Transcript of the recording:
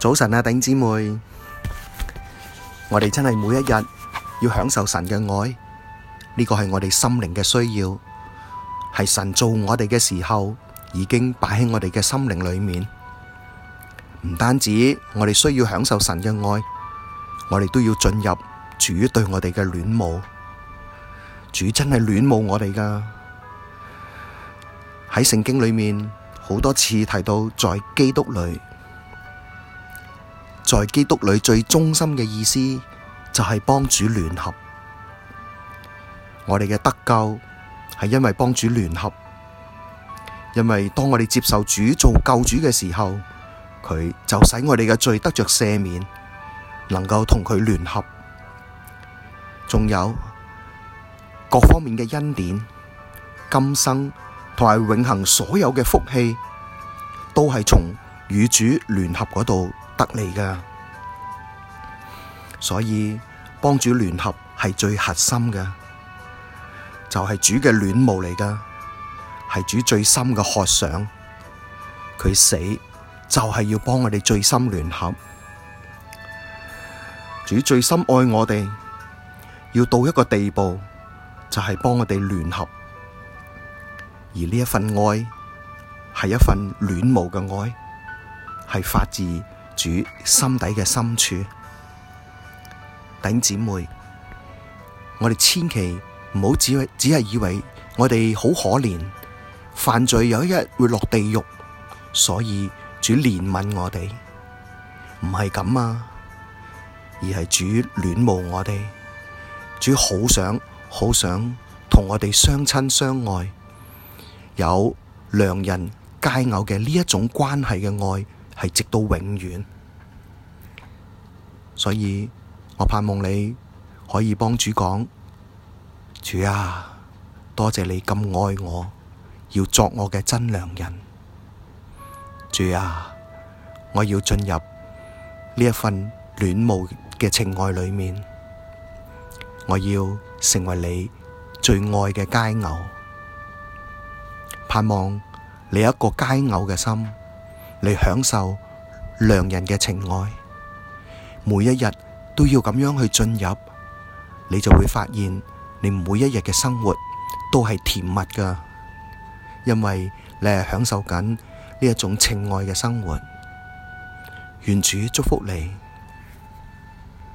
早晨啊，頂姊妹，我哋真係每一日要享受神嘅愛，呢個係我哋心靈嘅需要，係神做我哋嘅時候已經擺喺我哋嘅心靈裏面。唔單止我哋需要享受神嘅愛，我哋都要進入主對我哋嘅戀慕，主真係戀慕我哋噶。喺聖經裏面好多次提到，在基督裏。在基督裏最中心嘅意思，就係與主聯合。我哋嘅得救係因為與主聯合，因為當我哋接受主做救主嘅時候，佢就使我哋嘅罪得着赦免，能夠同佢聯合。仲有各方面嘅恩典、今生同埋永恒所有嘅福氣，都係從與主聯合嗰度得嚟噶，所以幫主聯合係最核心嘅，就係主嘅戀慕嚟噶，係主最深嘅渴想。佢死就係要幫我哋最深聯合，主最深愛我哋，要到一個地步就係幫我哋聯合。而呢一份愛係一份戀慕嘅愛，係發自。主心底嘅深處，弟兄姊妹，我哋千祈唔好只係只係以為我哋好可憐，犯罪有一日會落地獄，所以主憐憫我哋，唔係咁啊，而係主戀慕我哋，主好想好想同我哋相親相愛，有良人佳偶嘅呢一種關係嘅愛。係直到永遠，所以我盼望你可以幫主講，主啊，多謝你咁愛我，要作我嘅真良人，主啊，我要進入呢一份戀慕嘅情愛裏面，我要成為你最愛嘅佳偶，盼望你有一個佳偶嘅心。嚟享受良人嘅情愛，每一日都要咁樣去進入，你就會發現你每一日嘅生活都係甜蜜噶，因為你係享受緊呢一種情愛嘅生活。願主祝福你。